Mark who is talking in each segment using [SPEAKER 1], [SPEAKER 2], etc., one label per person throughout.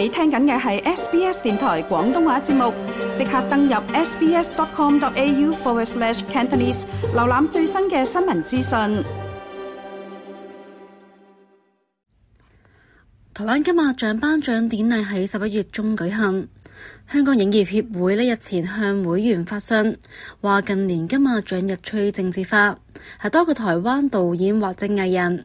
[SPEAKER 1] 你聽緊嘅係 SBS 電台廣東話節目，即刻登入 sbs.com.au forward slash cantonese，an 瀏覽最新嘅新聞資訊。台灣金馬獎頒獎典禮喺十一月中舉行，香港影業協會咧日前向會員發信，話近年金馬獎日趨政治化，係多個台灣導演或正藝人。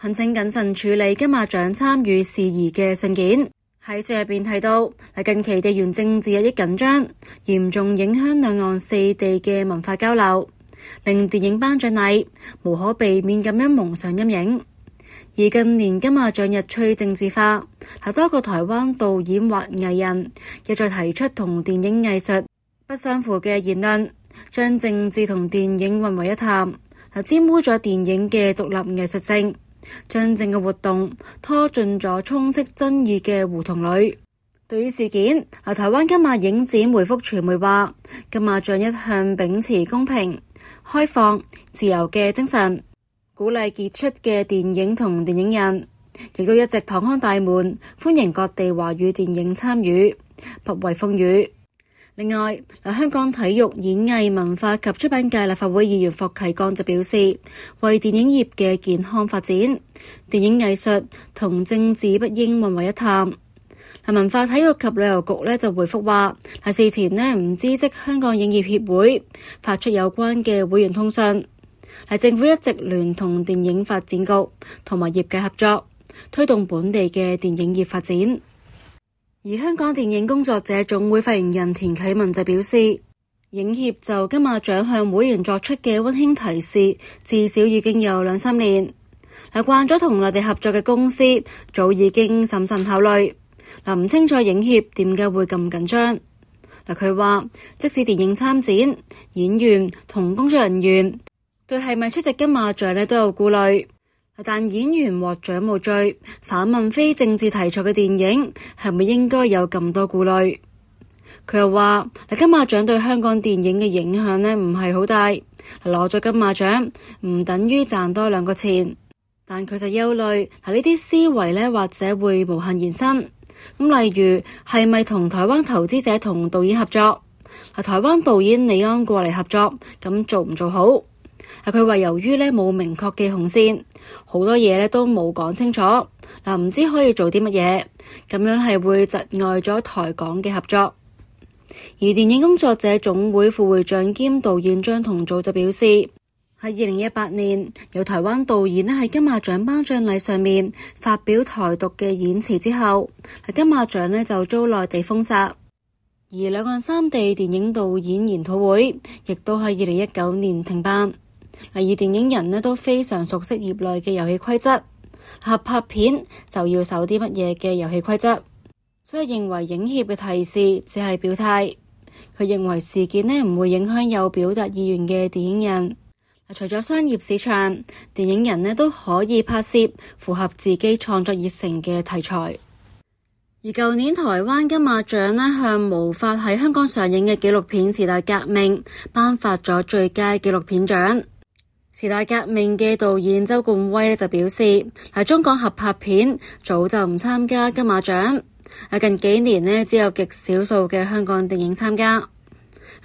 [SPEAKER 1] 懇請謹慎處理金馬獎參與事宜嘅信件。喺書入邊提到，嗱近期地緣政治日益緊張，嚴重影響兩岸四地嘅文化交流，令電影頒獎禮無可避免咁樣蒙上陰影。而近年金馬獎日趨政治化，嗱多個台灣導演或藝人亦在提出同電影藝術不相符嘅言論，將政治同電影混為一談，嗱沾污咗電影嘅獨立藝術性。真正嘅活動拖進咗充斥爭議嘅胡同裏。對於事件，喺台灣金馬影展回覆傳媒話：金馬獎一向秉持公平、開放、自由嘅精神，鼓勵傑出嘅電影同電影人，亦都一直敞開大門，歡迎各地華語電影參與，不畏風雨。另外，嗱香港體育演藝文化及出版界立法會議員霍啟剛就表示，為電影業嘅健康發展，電影藝術同政治不應混為一談。嗱文化體育及旅遊局咧就回覆話，係事前咧唔知悉香港影業協會發出有關嘅會員通訊。係政府一直聯同電影發展局同埋業界合作，推動本地嘅電影業發展。而香港電影工作者總會發言人田啟文就表示，影協就金馬獎向會員作出嘅温馨提示，至少已經有兩三年。嗱，慣咗同內地合作嘅公司，早已經審慎考慮。嗱，唔清楚影協點解會咁緊張。嗱，佢話即使電影參展，演員同工作人員對係咪出席金馬獎呢都有顧慮。但演員獲獎無罪，反問非政治題材嘅電影係咪應該有咁多顧慮？佢又話：，嗱，金馬獎對香港電影嘅影響呢唔係好大。攞咗金馬獎唔等於賺多兩個錢，但佢就憂慮，嗱呢啲思維呢或者會無限延伸。咁例如係咪同台灣投資者同導演合作？嗱，台灣導演李安過嚟合作，咁做唔做好？但佢話：由於咧冇明確嘅紅線，好多嘢咧都冇講清楚，嗱唔知可以做啲乜嘢，咁樣係會窒礙咗台港嘅合作。而電影工作者總會副會長兼導,導演張同祖就表示：喺二零一八年，有台灣導演咧喺金馬獎頒獎禮上面發表台獨嘅演辭之後，嗱金馬獎咧就遭內地封殺，而兩岸三地電影導演研討會亦都喺二零一九年停辦。例如，而電影人咧都非常熟悉業內嘅遊戲規則，合拍片就要守啲乜嘢嘅遊戲規則，所以認為影協嘅提示只係表態。佢認為事件咧唔會影響有表達意願嘅電影人。除咗商業市場，電影人咧都可以拍攝符合自己創作熱誠嘅題材。而舊年台灣金馬獎咧向無法喺香港上映嘅紀錄片《時代革命》頒發咗最佳紀錄片獎。時代革命嘅導演周冠威就表示，喺中港合拍片早就唔參加金馬獎，喺近幾年咧只有極少數嘅香港電影參加。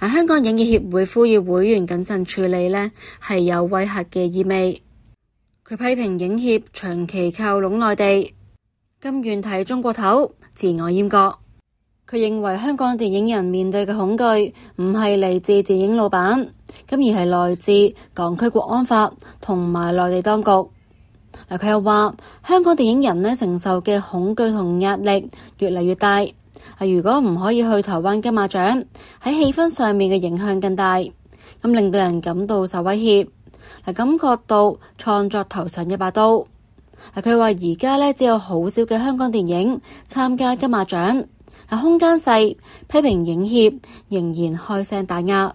[SPEAKER 1] 香港影業協會呼籲會員謹慎處理咧，係有威吓嘅意味。佢批評影協長期靠攏內地，甘願睇中國頭，自我閹割。佢認為香港電影人面對嘅恐懼，唔係嚟自電影老闆。咁而係來自港區國安法同埋內地當局。嗱，佢又話香港電影人咧承受嘅恐懼同壓力越嚟越大。啊，如果唔可以去台灣金馬獎，喺氣氛上面嘅影響更大，咁令到人感到受威脅，感覺到創作頭上一把刀。嗱，佢話而家呢，只有好少嘅香港電影參加金馬獎，係空間細，批評影協仍然開聲打壓。